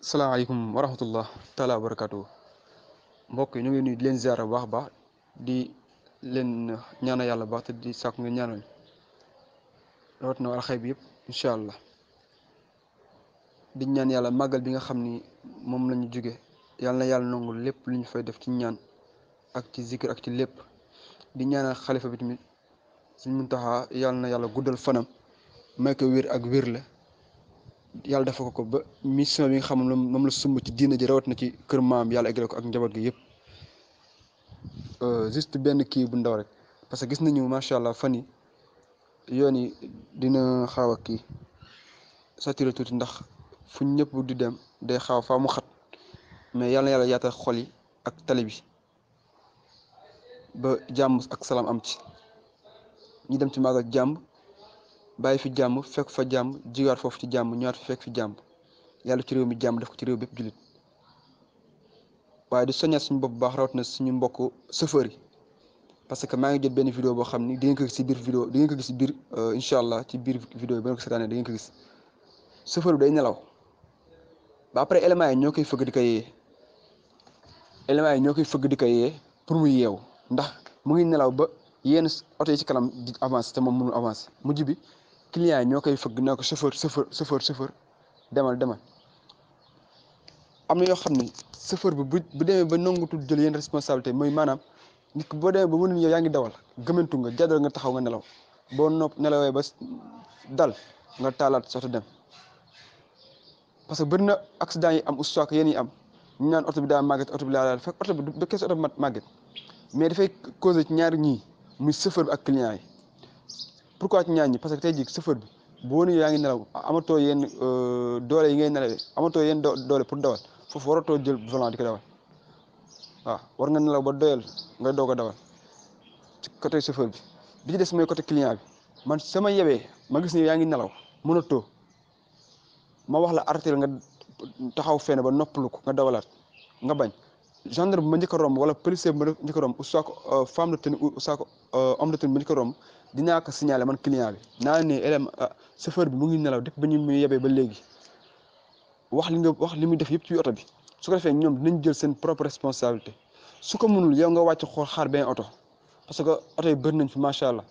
salaamaaleykum wa rahmatullah taala wa barakatu mbokk yi ñu ngi nuyu di leen ziara bu baax baax di leen ñaana yàlla baax te di sàkku ngeen ñaanal na wàllu xëy bi yëpp incha allah di ñaan yàlla màggal bi nga xam ni moom la ñu jóge yàlla na yàlla nangu lépp lu ñu fay def ci ñaan ak ci zikir ak ci lépp di ñaanal xalifa bi tamit suñ mun taxaa yàlla na yàlla guddal fanam may ko wér ak wiir la yàlla dafa ko ko ba mission bi nga xam ne moom la sumb ci diina ji rawat na ci kër maam yàlla eggale ko ak njaboot gi yëpp euh, juste benn kii bu ndaw rek parce que gis nañu macha allah fan yi yoon yi dina xaaw a kii saturé tuuti ndax fu ñëpp di dem day xaaw faa mu xat mais yàlla na yàlla yaatal xol yi ak tali ba jàmm ak salaam am ci ñu dem ci maagal jàmm bàyyi fi jàmm fekk fa jàmm jiwaat foofu ci jàmm ñëwaat fi fekk fi jàmm yàlla ci réew mi jàmm def ko ci réew bépp jullit waaye du soññaat suñ bopp bu baax rawatina suñu mbokk chauffeur yi parce que maa ngi jot benn vidéo boo xam ni di ngeen gis si biir vidéo di ngeen ko gis si biir euh, incha allah ci biir vidéo bi ba ko seetaanee di ngeen ko gis chauffeur bi day nelaw ba après éléments yi ñoo koy fëgg di ko yee éléments yi ñoo koy fëgg di yee pour mu yeew ndax mu ngi nelaw ba yenn oto ci kanam di avancé te moom mënul avancé mujj bi client yi ñoo koy fëgg naa ko chauffeur chauffeur chauffeur chauffeur demal demal am na yoo xam ne chauffeur bi bu bu demee ba nangutul jël yenn responsabilité mooy maanaam nit ki boo demee ba mënul yaa ngi dawal gëmantu nga jàddal nga taxaw nga nelaw boo nopp nelawee ba dal nga taalaat soto dem parce que bëri na accident yi am ustuwaak yéen yi am ñu naan oto bi daa màgget oto bi laa laal oto bi du kees oto bi màgget mais dafay causé ci ñaari ñii muy chauffeur bi ak yi pourquoi ci ñaan ñi parce que tey jii chauffeur bi bu woon yaa ngi nelaw amatoo yenn euh, doole yi ngay nelawee amatoo yenn doole pour dawal foofu waratoo jël volant di ko dawal waaw war nga nelaw ba doyal nga doog a dawal ci côté chauffeur bi bi ci des mooy côté client bi man sama yewee ma gis ne yaa ngi nelaw mënatoo ma wax la arrêté nga taxaw fenn ba noppalu ko nga dawalaat nga bañ. gendarme ma njëkk a romb wala policier ma njëkk a romb ou soit euh, femme de tenue ou soit euh, homme de tenue ma njëkk a romb ko signaler man client bi naa ne eh, ah, mu ngi nelaw depuis ba ñu muy yebee ba léegi wax li nga wax li muy def yëpp ci oto bi su ko defee ñoom dinañ jël seen propre responsabilité su ko mënul yow nga wàcc xool xaar benn oto parce que oto yi bëri nañ fi macha allah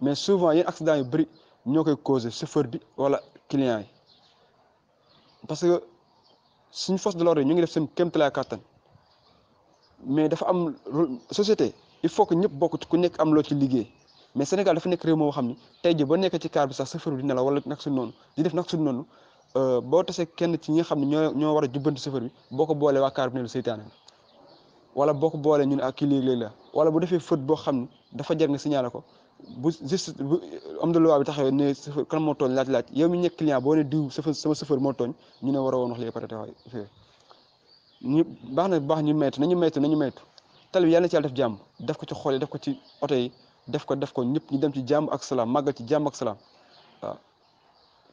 mais souvent yéen accident yu bëri ñoo koy causé chauffeur bi wala client yi parce que suñu force de l'ordre yi ñu ngi def seen kéemtalaay kàttan mais dafa am société il faut que ñëpp bokk ku nekk am loo ci liggéey mais Sénégal dafa nekk réew moo xam ni tey jii ba nekkee ci kaar bi sax chauffeur bi dina la wala nag suñu noonu di def nag suñu euh, boo kenn ci ñi nga xam ne ñoo ñoo war a jubbanti chauffeur bi boo ko boolee waa kaar bi ne lu seytaane la boo ko boolee ñu ne ak kii léeg la wala bu defee fët boo xam ne dafa jar nga ko bu juste bu am na loi bi taxawee ne chauffeur kan moo tooñ laaj laaj diw sama chauffeur moo tooñ ñu ne war a woon wax léegi ñu baax na bu baax ñu maytu nañu maytu nañu maytu tali bi yàlla na ci yàlla def jàmm def ko ci xol def ko ci oto def ko def ko ñëpp ñu dem ci jàmm ak salaam màggal ci jàmm salaam waaw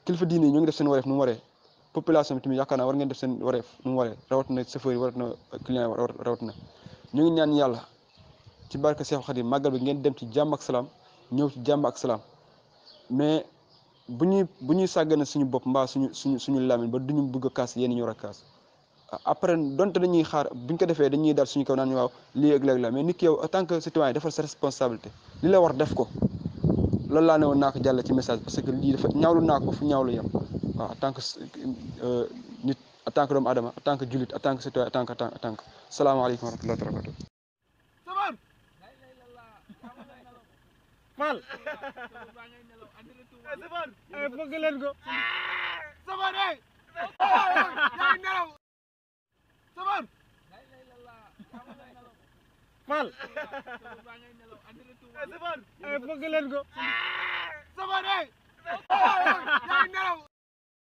kilifa diine yi ñu ngi def seen wareef nu mu waree population bi tamit yaakaar naa war ngeen def seen wareef nu mu waree rawatina chauffeur yi rawatina client yi rawatina ñu ngi ñaan yàlla ci barke Seexu Xadim màggal bi ngeen dem ci jàmm salaam ñëw ci jàmb ak salaam mais bu ñuy bu ñuy sàggane suñu bopp mbaa suñu suñu suñu làmmiñ ba duñu bëgg a kaas yéen ñu war après dont dañuy xaar buñ ko defee dañuy dal suñu kaw naan ñu waaw lii ak léeg la mais ni ki yow en tant que citoyen defal sa responsabilité li la war def ko loolu laa ne woon naa jàll ci message parce que lii dafa ñaawlu naa ko fu ñaawlu yem waaw en tant que euh, nit en tant que doomu adama en tant que jullit en tant que citoyen en tant que en tant que salaamaaleykum wa rahmatullahi wa barakatuh mal eh, bëgg eh, leen ko ah! eh. sabar mal eh, sabar ay bëgg leen ko sabar eh. ay